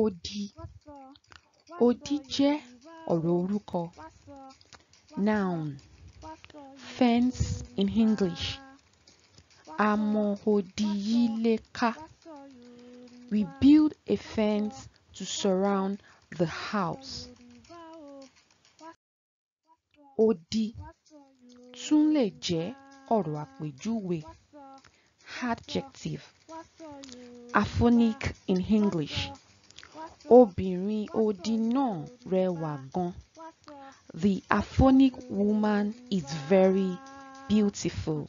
Odi. Odi jẹ́ ọ̀rọ̀ orúkọ. Noun. Fence in English. Amo odi We build a fence to surround the house. Odi tún lè jẹ́ ọ̀rọ̀ àpèjúwe. Adjective. Aphonic in English. Obìnrin odi náà rẹwà gan. The aphonic woman is very beautiful.